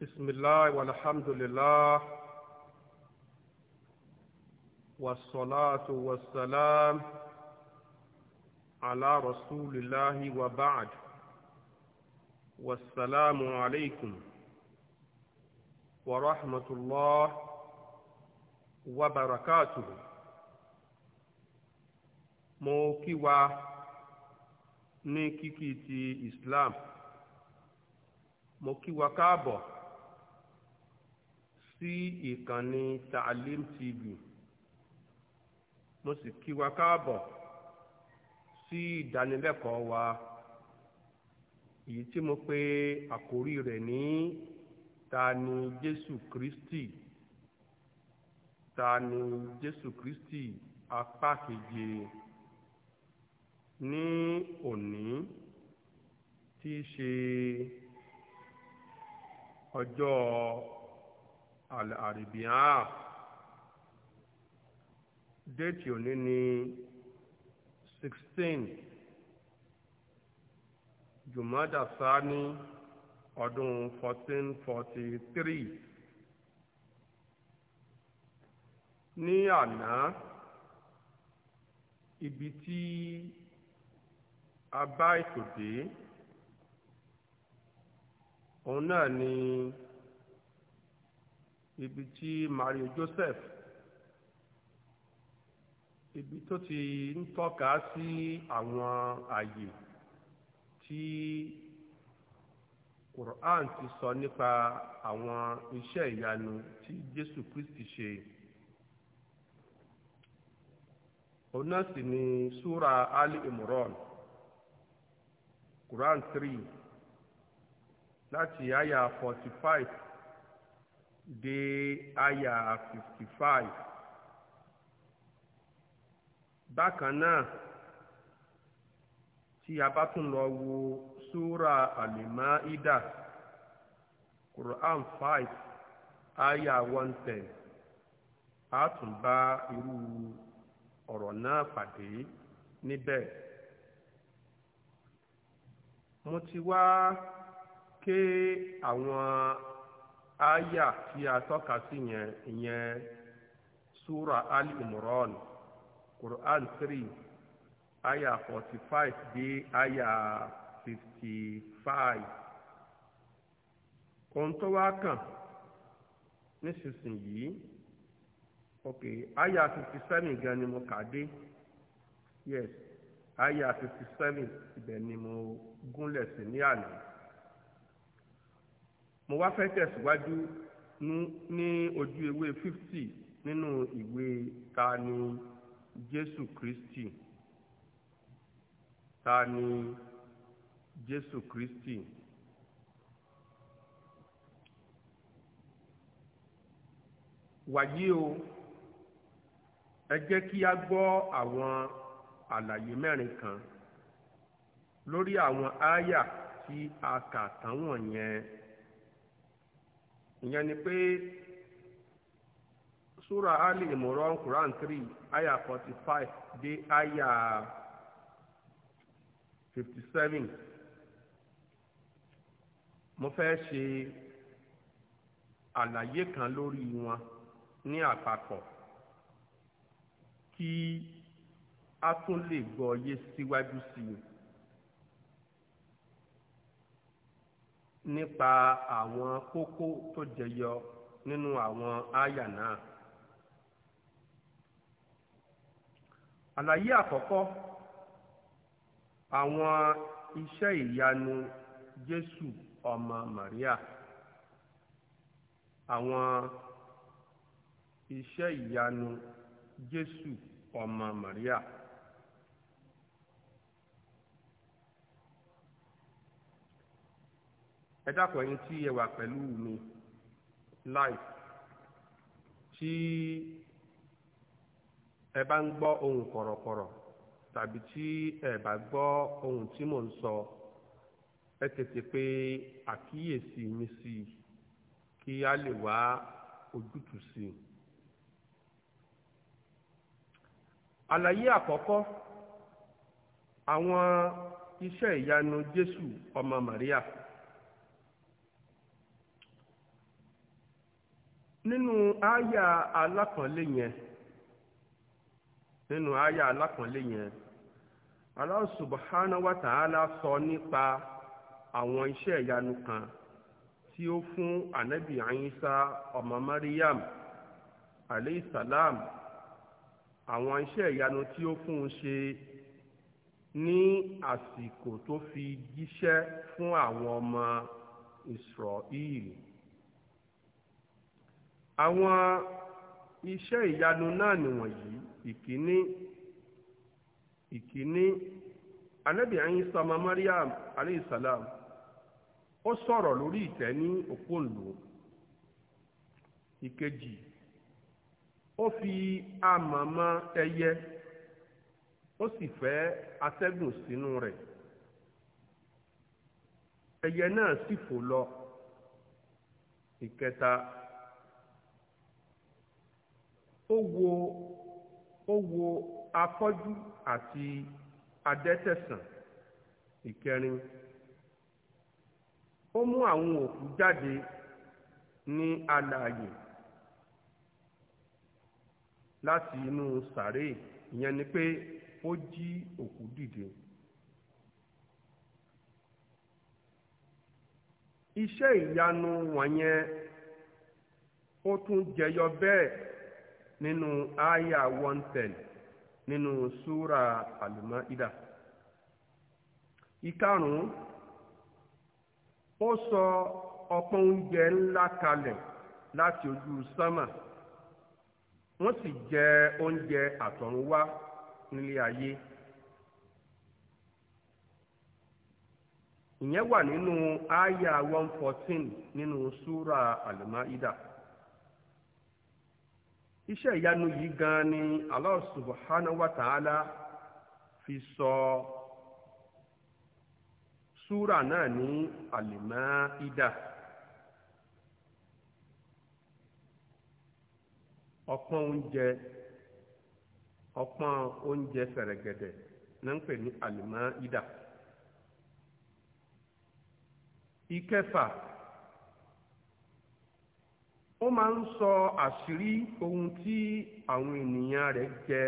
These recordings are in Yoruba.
بسم الله والحمد لله والصلاة والسلام على رسول الله وبعد والسلام عليكم ورحمة الله وبركاته موكوا kí wa ní kíkí ti mo kí wa káàbọ̀ sí ìkànnì Taalim TV mo sì kí wa káàbọ̀ sí ìdánilẹ́kọ̀ọ́ wa èyí tí mo pè àkórí rẹ̀ ní ta ni Jésù Kristi ta ni Jésù Kristi apá keje ní òní tí í ṣe ọjọ́ àlàrìbíà déètì òní ni sixteen jùmọ́dà sáání ọdún fourteen forty three ní àná ibi tí a bá ètò dé òun náà ni. ibi tí Mario Joseph ibi tó ti ń tọ́ka sí àwọn àyè tí Quran ti sọ nípa àwọn iṣẹ́ ìyanu tí Jésù Kristi ṣe òun náà sì ni súra Ali Imran Quran three láti àyà 45. de aya 55. bákan náà tí a bá wo súra Quran a tún bá irú ọ̀rọ̀ náà pàdé níbẹ̀ mo ti wá ké àwọn aya tí a tọ́ka sí yẹn ìyẹn sura ali imran quran three forty five dé fifty five ohun tó wá kàn nísinsìnyí ok fifty seven gan ni mo kà yes aya fifty seven ibẹ̀ ni mo gúnlẹ̀ sí ní àná mo wá fẹ́ tẹ̀síwájú ní ojú ewé fifty nínú ìwé ta ni Jésù Kristi ta ni Jésù Kristi. wàyí o ẹ jẹ́ kí a gbọ́ àwọn àlàyé mẹ́rin kan lórí àwọn àyà tí a kà tán wọ̀nyẹn ìyẹn ni pé sura ali imran quran three aya forty five dé aya fifty seven mo fẹ́ ṣe àlàyé kan lórí wọn ní àpapọ̀ kí a tún lè gbọ́ yé síwájú sí i. nípa àwọn kókó tó jẹyọ nínú àwọn àyà náà. àlàyé àkọ́kọ́ àwọn iṣẹ́ ìyanu Jésù ọmọ Màríà ẹ dákun ẹ̀yin tí ẹ wà pẹ̀lú mi live tí ẹ bá ń gbọ́ ohun kọ̀rọ̀kọ̀rọ̀ tàbí tí ẹ bá gbọ́ ohun tí mò ń sọ ẹ tètè pé àkíyèsí mi sí i kí a lè wá ojútùú sí i. àlàyé àkọ́kọ́ àwọn iṣẹ́ ìyanu Jésù ọmọ Màríà. nínú àyà alákànlé yẹn nínú àyà alákànlé yẹn Allah subhanahu wa sọ nípa àwọn iṣẹ́ ìyanu kan tí ó fún anabi Ìsá ọmọ Mariam alayhi salam àwọn iṣẹ́ ìyanu tí ó fún un ṣe ní àsìkò tó fi jíṣẹ́ fún àwọn ọmọ Ísírẹ́lì. àwọn iṣẹ́ ìyanu náà nìwọ̀nyí ìkíní ìkíní anabi ayin sama mariam aleyhisalaam ó sọ̀rọ̀ lórí ìtẹ́ ní òpóǹlò ìkejì ó fi ama ẹyẹ ó sì fẹ́ atẹ́gùn sínú rẹ̀ ẹyẹ náà sì fò lọ ìkẹta. ó wo ó ati afọ́jú àti o ìkẹrin ó mú àwọn òkú jáde ní alààyè láti inú sàré ìyẹn ni pé ó jí òkú dìde. iṣẹ́ ìyanu wọ̀nyẹn ó tún jẹyọ bẹ́ẹ̀ nínú aya one ten nínú al àlùmọ́ídà ìkarùn-ún ó sọ ọpọ́n nla kale láti ojú won si je jẹ oúnjẹ àtọ̀runwá nílé ayé ìyẹn wa nínú aya one fourteen nínú súra àlùmọ́ídà. iṣẹ́ ìyanu yìí gan ni Allah subhanahu ta'ala fi sọ súrà náà ní al ìdá ọpọ́n oúnjẹ ọpọ́n oúnjẹ fẹ̀rẹ̀gẹ̀dẹ̀ ní ń pè ní al ìdá ìkẹfà ó máa ń sọ àṣírí ohun tí àwọn ènìyàn rẹ̀ jẹ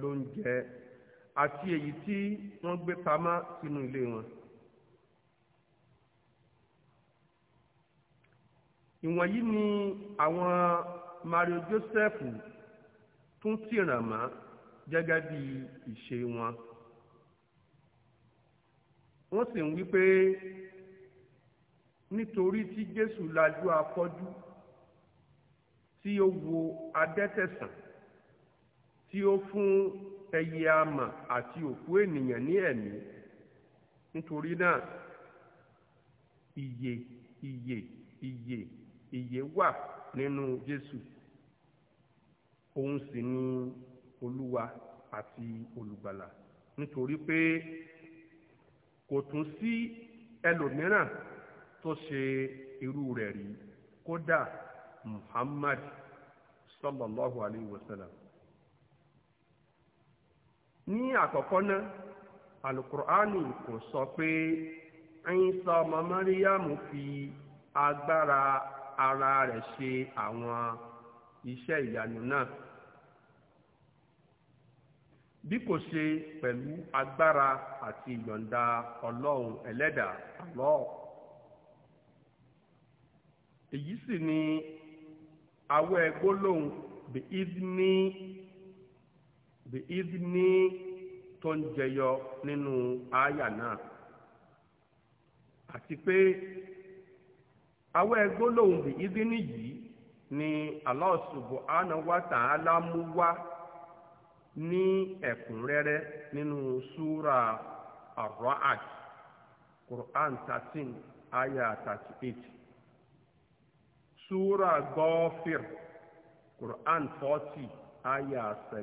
ló ń jẹ àti èyí tí wọ́n gbé pamọ́ sínú ilé wọn. ìwọ̀nyí ni àwọn Mario Joseph tún tìràn mọ́ gẹ́gẹ́ bí ìṣe wọn. wọ́n sì ń wí pé nítorí tí Jésù lajú afọ́jú tí ó wo adẹ́tẹ̀sán tí ó fún ẹyẹ amọ̀ àti òkú ènìyàn ní ẹ̀mí nítorí náà ìyè ìyè ìyè ìyè wà nínú Jésù òun sì ni Olúwa àti olùgbàlà nítorí pé kò tún sí ẹlòmíràn tó ṣe irú rẹ̀ rí kódà muhammad sallallahu Alaihi wasallam. sallam ní àkọ́kọ́ náà alukur'ani kò sọ pé Ìsá ọmọ mọ́ríyàmù fi agbára ara rẹ̀ ṣe àwọn iṣẹ́ ìyanu náà bí kò ṣe pẹ̀lú agbára àti ìyọ̀ǹda ọlọ́run ẹlẹ́dà Allah èyí sì ni awo ẹgbó lòun bí izini bí ìdíní tó ń jẹyọ nínú àyà náà àti pé awọ́ ẹgbó lòun bí ni Allah subhanahu wa ta'ala mú wá ní ẹ̀kúnrẹ́rẹ́ súrà gọ́ọ̀fìr quran 40 aya 78.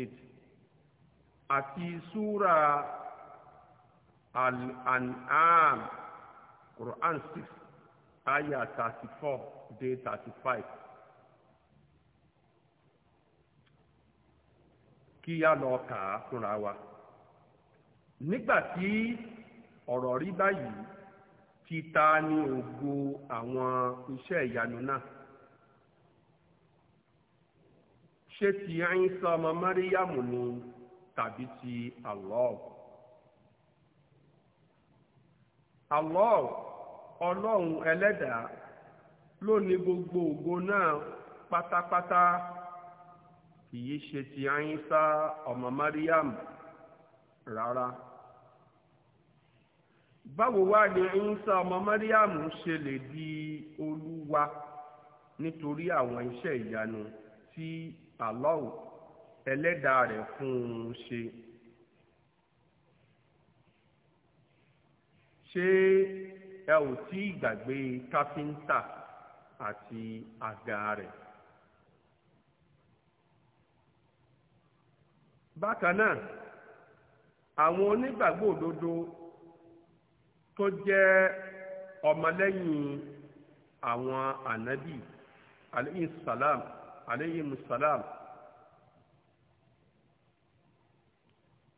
eight àti súrà al-an'am quran 6 aya 34 four dé thirty five. kí a lọ kà fúnra wa nígbà ọ̀rọ̀ rí báyìí títa ní ògo àwọn iṣẹ́ ìyanu náà ṣé ti àyínsá ọmọ máríyàmù ni tàbí ti Allah Allah ọlọ́run ẹlẹ́dàá ló ní gbogbo ògo náà pátápátá kì í ṣe ti àyínsá ọmọ máríyàmù rárá. báwo wá ni Ìsá ọmọ Mariam ṣe lè di olúwa nítorí àwọn iṣẹ́ ìyanu tí Allah ẹlẹ́dàá rẹ̀ fún un ṣe. ṣé ẹ ò tí ì gbàgbé káfíńtà àti àga rẹ̀. bákan náà àwọn onígbàgbọ́ òdodo tó jẹ́ ọmọlẹ́yìn àwọn ànábì aleyhi salam aleyhi musalam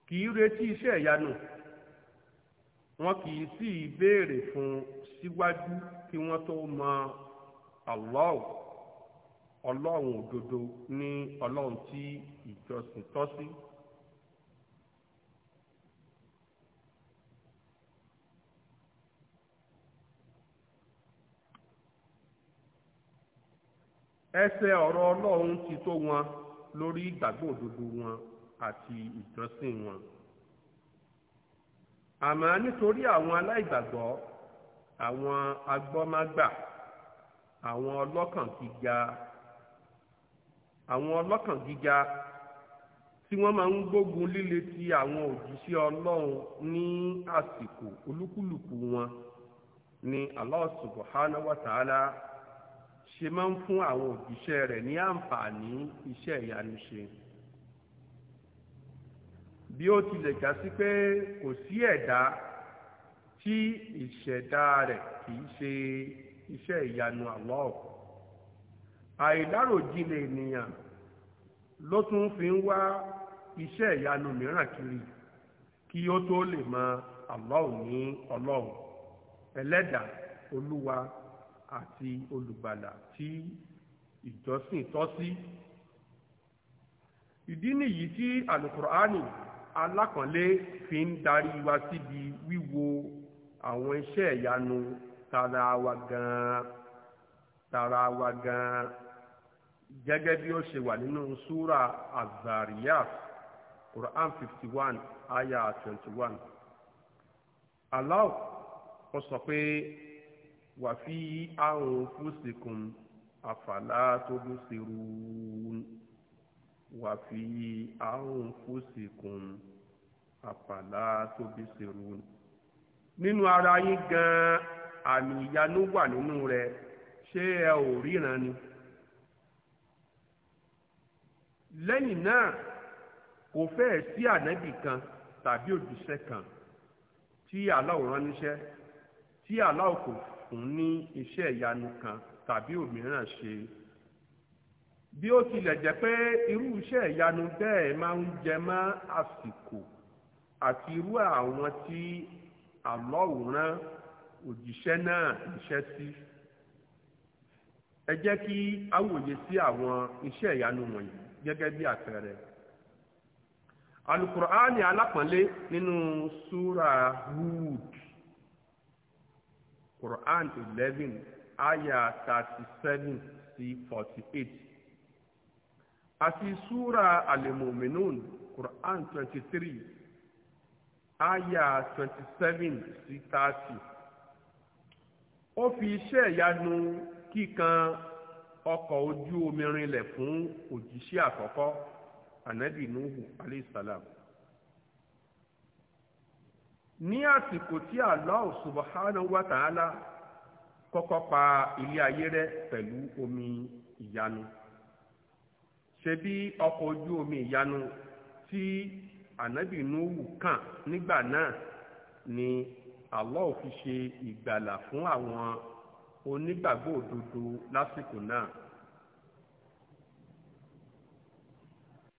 kì í retí iṣẹ́ ìyanu wọn kì í sì béèrè fún síwájú kí wọ́n tó mọ Allah ọlọ́run òdodo ní ọlọ́run tí ìjọsìn tọ́ sí. ese ọ̀rọ̀ Ọlọ́run ti tó wọn lórí ìgbàgbọ́ òdodo wọn àti ìjọsìn wọn àmọ́ nítorí àwọn aláìgbàgbọ́ àwọn agbọ́mágbà àwọn ọlọ́kàn gíga àwọn ọlọ́kàn gíga tí wọn máa ń gbógun líle ti àwọn òjíṣẹ́ Ọlọ́run ní àsìkò olúkúlùkù wọn ni Allah subhanahu wa ṣe máa ń fún àwọn òjíṣẹ́ rẹ̀ ní àǹfààní iṣẹ́ ìyanu ṣe bí ó tilẹ̀ já sí pé kò sí ẹ̀dá tí ìṣẹ̀dá rẹ̀ kìí ṣe iṣẹ́ ìyanu Allah àìdáròjinlẹ̀ ènìyàn ló tún fi ń wá iṣẹ́ ìyanu mìíràn kiri kí ó tó lè mọ Allah ní ọlọ́run ẹlẹ́dàá olúwa àti olùgbàlà tí ìjọsìn tọ́ sí ìdí nìyí tí alukur'ani alákànlé fi ń darí wa síbi wíwo àwọn iṣẹ́ ìyanu tara wa gan-an tara wa gan-an gẹ́gẹ́ bí ó ṣe wà nínú súra quran fifty one aya twenty one Allah ó sọ pé. wàfi àwọn fúsìkùn àfàlà tó bó ṣe rúun wàfi àwọn fúsìkùn àfàlà tó bó ṣe rúun nínú ara yín gan àmì ìyanu wà nínú rẹ̀ ṣé ẹ ò ríran ni lẹ́yìn náà kò fẹ́ẹ̀ sí ànábì kan tàbí òjíṣẹ́ kan tí Allah rán tí Allah kún ní iṣẹ́ ìyanu kan tàbí òmíràn ṣe bí ó tilẹ̀ jẹ́ pé irú iṣẹ́ ìyanu bẹ́ẹ̀ máa ń jẹ mọ́ àsìkò àti irú àwọn tí àlọ́wòrán òjíṣẹ́ náà iṣẹ́ sí ẹ jẹ́ kí a sí àwọn iṣẹ́ ìyanu wọ̀nyí gẹ́gẹ́ bí àpẹẹrẹ alukur'ani alápọ̀nlé nínú súra Hud Quran 11, ayah 37 seven sí forty eight àti súra al Quran 23, three ayah twenty seven sí thirty ó fi iṣẹ́ ìyanu kíkan ọkọ̀ ojú omi rinlẹ̀ fún òjíṣẹ́ àkọ́kọ́ anabi nuhu alayhi salam ní àsìkò tí Allah subhanahu wa ta'ala kọ́kọ́ pa ilé ayé rẹ pẹ̀lú omi ìyanu ṣebí ọkọ̀ ojú omi ìyanu tí ànábì Nuhu kàn nígbà náà ni Allah fi ṣe ìgbàlà fún àwọn onígbàgbọ́ òdodo lásìkò náà